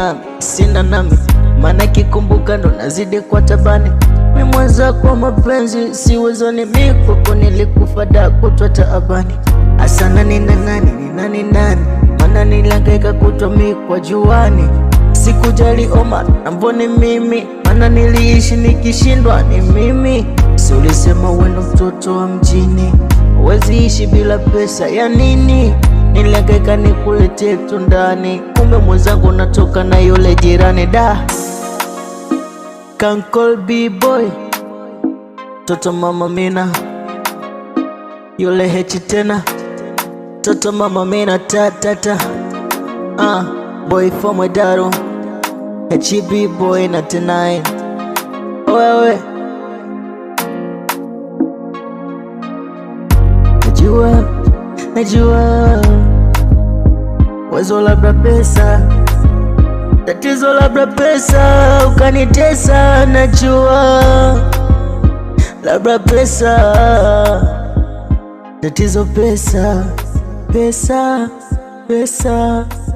nami, sina nami, maana kikumbuka ndo nazidi kwa tabani. Mimweza kwa mapenzi siwezoni, mikoko nilikufa da kutwa taabani. Asana ni nani ni nani nani, maana nilangaika kutwa mi kwa juani. Sikujali oma nambo ni mimi, maana niliishi nikishindwa ni mimi. Si ulisema wewe ndo mtoto wa mjini, huwezi ishi bila pesa ya nini? Nilihangaika nikuletee tu ndani, kumbe mwenzangu natoka na yule jirani. Da call B-boy toto mama mina yule hechi tena toto mama mina tatata uh, ah, boy fomwe daru hechi B-boy na tenai wewe najua najua wezo labda pesa, tatizo labda pesa, ukanitesa najua, labda pesa, tatizo pesa, pesa, pesa